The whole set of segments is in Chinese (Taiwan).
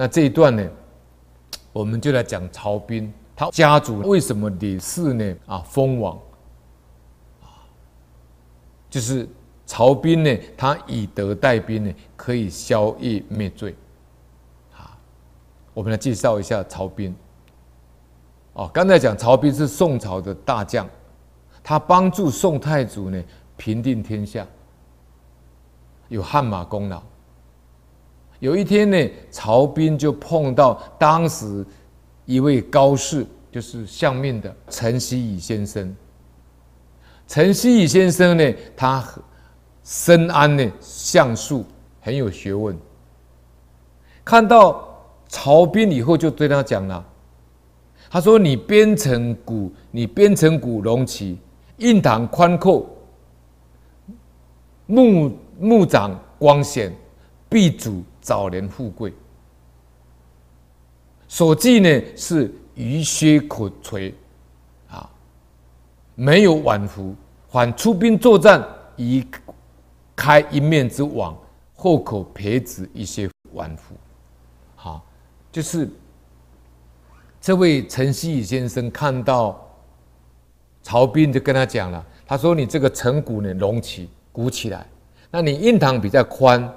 那這一段呢，我們就來講曹彬，他家族為什麼李氏呢？啊，封王，就是曹彬呢，他以德帶兵呢，可以消業滅罪，啊，我們來介紹一下曹彬。哦，剛才講曹彬是宋朝的大將，他幫助宋太祖呢平定天下，有汗馬功勞。有一天呢，曹彬就碰到當時一位高士，就是相面的陳希夷先生。陳希夷先生呢，他深諳呢相術，很有學問。看到曹彬以後，就對他講了：“他說你邊城骨，你邊城骨隆起，印堂寬闊，目目長光顯，必主。”早年富貴，所忌呢是魚靴可垂，啊，沒有晚福，反出兵作戰，以開一面之網，後可培植一些晚福。好，就是這位陳希夷先生看到曹彬就跟他講了。他說：“你這個城骨呢隆起，鼓起來，那你印堂比較寬。”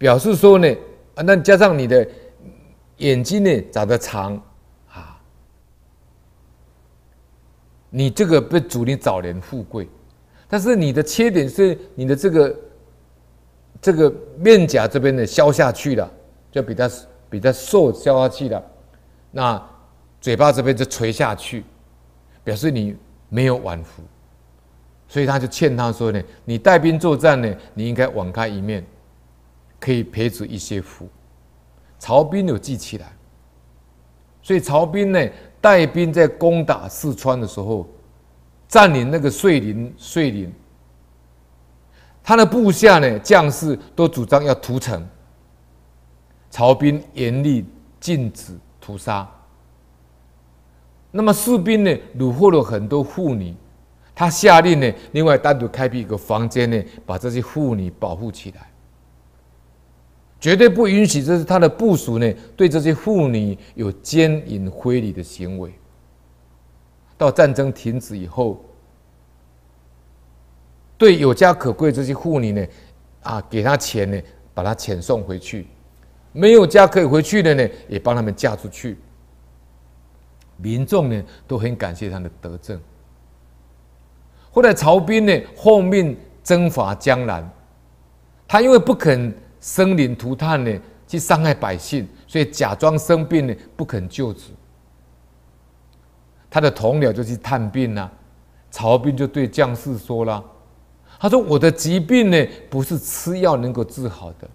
表示說呢，啊，那加上你的眼睛呢長得長，啊，你這個不主你早年富貴，但是你的缺點是你的這個這個面頰這邊的消下去了，就比較比較瘦消下去了，那嘴巴這邊就垂下去，表示你沒有晚福，所以他就勸他說呢，你帶兵作戰呢，你應該網開一面。可以培植一些福，曹彬有記起來，所以曹彬呢帶兵在攻打四川的時候，佔領那個遂寧，遂寧，他的部下呢將士都主張要屠城，曹彬嚴厲禁止屠殺，那麼士兵呢擄獲了很多婦女，他下令呢另外單獨開闢一個房間呢把這些婦女保護起來。絕對不允許，這是他的部署呢，對這些婦女有奸淫非禮的行為。到戰爭停止以後，對有家可歸這些婦女呢，啊，給她錢呢，把她遣送回去；沒有家可以回去的呢，也幫他們嫁出去。民眾呢都很感謝他的德政。後來曹彬呢奉命征伐江南，他因為不肯，生靈塗炭呢，去傷害百姓，所以假裝生病呢，不肯救治。他的同僚就去探病了，啊，曹彬就對將士說了：“他說我的疾病呢，不是吃藥能夠治好的，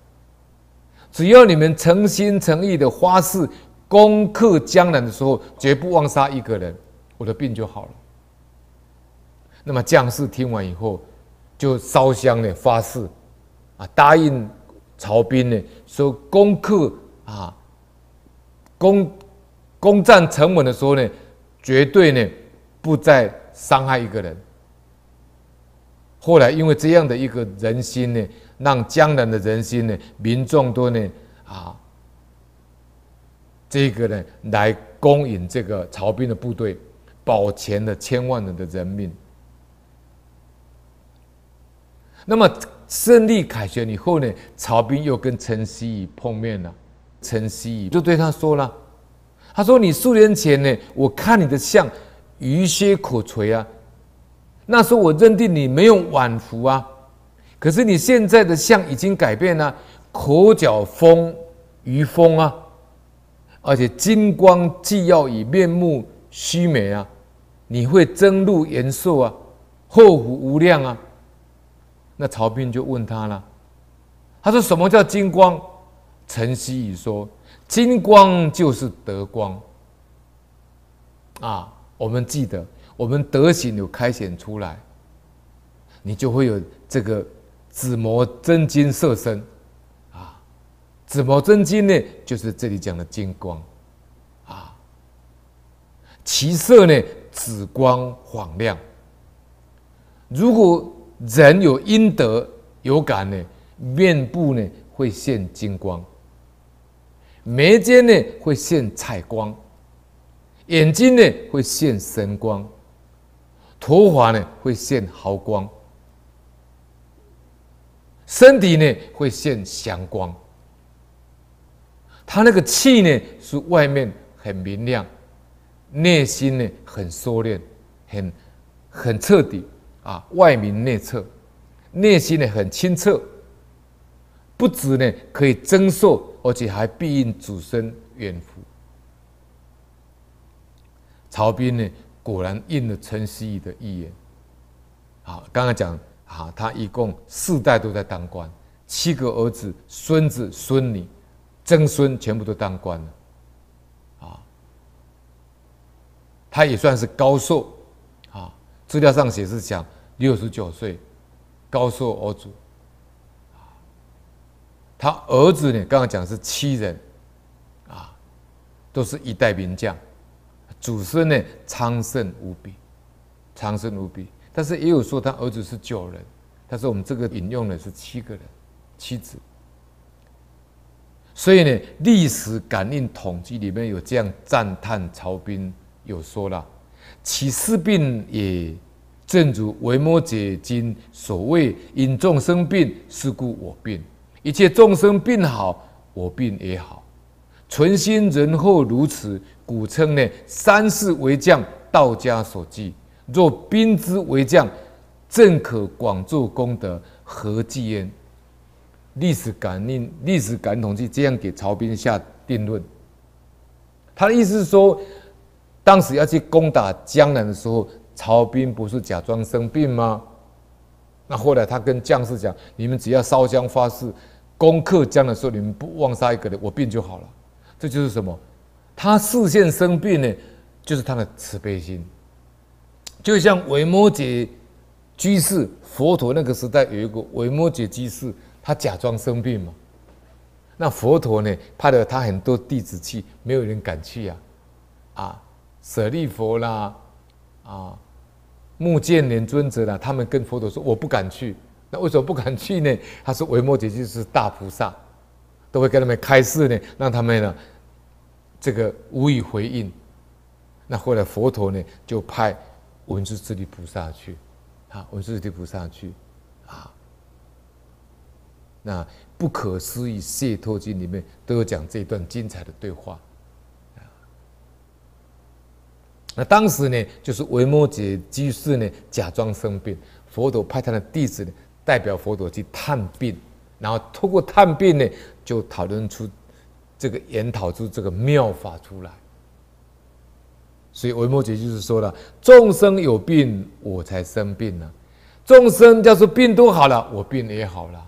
只要你們誠心誠意的發誓，攻克江南的時候，絕不枉殺一個人，我的病就好了。”那麼將士聽完以後，就燒香呢發誓，啊，答應。曹彬呢，所攻克啊，攻攻占城門的時候呢，絕對呢不再傷害一個人。後來因為這樣的一個人心呢，讓江南的人心呢，民眾都呢啊，這個呢來恭迎這個曹彬的部隊，保全了千萬人的人命。那麼。勝利凱旋以後呢，曹彬又跟陳希夷碰面了。陳希夷就對他說了：“他說你數年前呢，我看你的相，余劣可垂啊。那時候我認定你沒有晚福啊。可是你現在的相已經改變了，口角風余風啊，而且金光既耀以面目虛美啊，你會增祿延壽啊，後福無量啊。”那曹彬就問他了，他說：“什麼叫金光？”陳希雨說：“金光就是德光。”啊，我們記得，我們德行，有開顯出來，你就會有這個紫磨真金色身，啊，紫磨真金呢，就是這裡講的金光，啊，其色呢，紫光晃亮。如果人有陰德有感呢，面部呢會現金光，眉間呢會現彩光，眼睛呢會現神光，頭髮呢會現毫光，身體呢會現祥光。他那個氣呢是外面很明亮，內心呢很收斂，很很，很徹底。啊，外明內澈，內心呢很清澈，不止呢可以增壽，而且還庇蔭子孫遠福。曹彬呢果然應了陳希夷的預言。啊，剛剛講啊，他一共四代都在當官，七個兒子、孫子、孫女、曾孫全部都當官了，啊，他也算是高壽。資料上寫是講六十九歲，高壽而卒。他兒子呢，剛剛講是七人，啊，都是一代名將，祖孫呢昌盛無比，昌盛無比。但是也有說他兒子是九人，但是我們這個引用的是七個人，七子。所以呢，歷史感應統計裡面有這樣讚嘆曹彬，有說了。其事病也，正如維摩詰經所謂“因眾生病，是故我病；一切眾生病好，我病也好。”存心仁厚如此，古稱呢，三世為將，道家所記。若兵之為將，正可廣作功德，何計焉？歷史感應，歷史感應統計這樣給曹彬下定論。他的意思是說。當時要去攻打江南的時候，曹彬不是假裝生病嗎？那後來他跟將士講：“你們只要燒香發誓，攻克江南的時候，你們不妄殺一個人，我病就好了。”這就是什麼？他示現生病呢，就是他的慈悲心。就像維摩詰居士，佛陀那個時代有一個維摩詰居士，他假裝生病嘛。那佛陀呢，派了他很多弟子去，沒有人敢去呀、啊，啊。舍利弗啦，啊，目犍連尊者啦，他們跟佛陀說：“我不敢去。”那為什麼不敢去呢？他說：“維摩詰就是大菩薩，都會跟他們開示呢，讓他們呢，這個無以回應。”那後來佛陀呢，就派文殊師利菩薩去，啊，文殊師利菩薩去，啊，那不可思議解脫經裡面都有講這一段精彩的對話。那當時呢，就是維摩詰居士呢假裝生病，佛陀派他的弟子呢代表佛陀去探病，然後通過探病呢，就討論出這個研討出這個妙法出來。所以維摩詰就是說了：眾生有病，我才生病呢啊；眾生要是病都好了，我病也好了。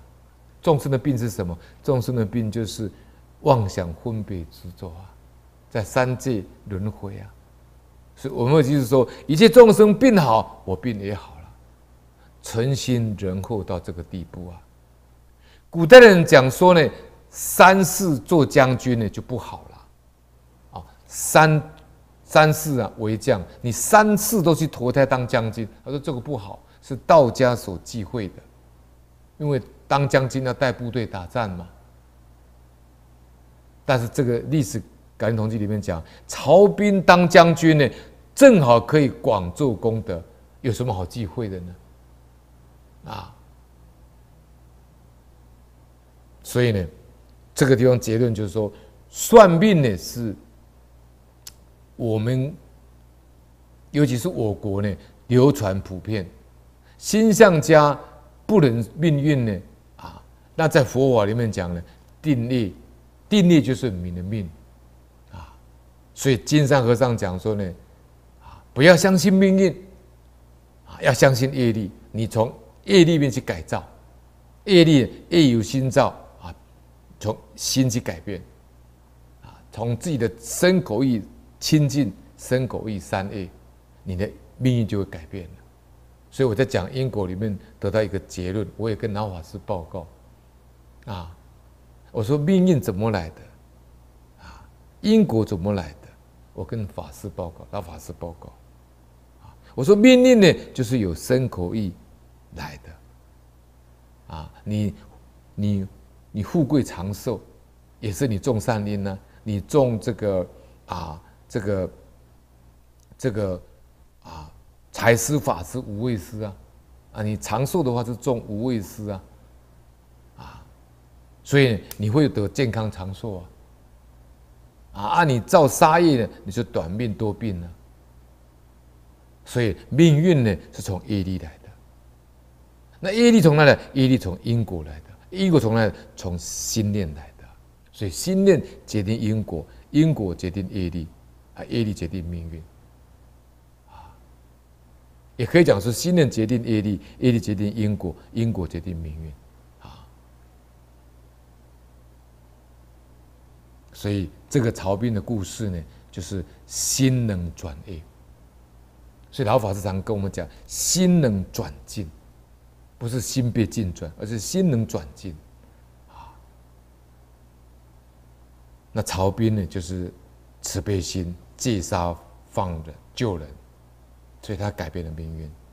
眾生的病是什麼？眾生的病就是妄想分別執着啊，在三界輪回啊。所以我們就是說，一切眾生病好，我病也好了，存心仁厚到這個地步啊！古代人講說呢，三世做將軍呢就不好了啊！三三世啊為將，你三世都去投胎當將軍，他說這個不好，是道家所忌諱的，因為當將軍要帶部隊打仗嘛。但是這個歷史感應統計裡面講，曹彬當將軍呢。正好可以廣做功德，有什麼好忌諱的呢？啊，所以呢，這個地方結論就是說，算命呢是我們，尤其是我國呢流傳普遍，星相家不能命運呢啊。那在佛法裡面講呢，定力，定力就是你的命啊。所以金山和尚講說呢。不要相信命運，啊，要相信業力。你從業力面去改造，業力業由心造啊，從心去改變，啊，從自己的身口意清淨，身口意三業，你的命運就會改變了。所以我在講因果裡面得到一個結論，我也跟老法師報告，啊，我說命運怎麼來的，啊，因果怎麼來的，我跟法師報告，老法師報告。我說命令呢，就是有身口意來的，啊，你你你富貴長壽，也是你種善因呢。你種這個啊，這個這個啊財施法施無畏施啊，啊，你長壽的話是種無畏施啊，啊，所以你會得健康長壽啊，啊，你造殺業呢，你就短命多病呢。所以命運呢，是從業力來的。那業力從哪裡來？業力從因果來的，因果從哪？從心念來的。所以心念決定因果，因果決定業力，啊，業力決定命運。啊，也可以講是心念決定業力，業力決定因果，因果決定命運。啊，所以這個曹彬的故事呢，就是心能轉業。所以老法師常跟我們講，心能轉境，不是心被境轉，而是心能轉境。那曹彬呢，就是慈悲心，戒殺放人救人，所以他改變了命運。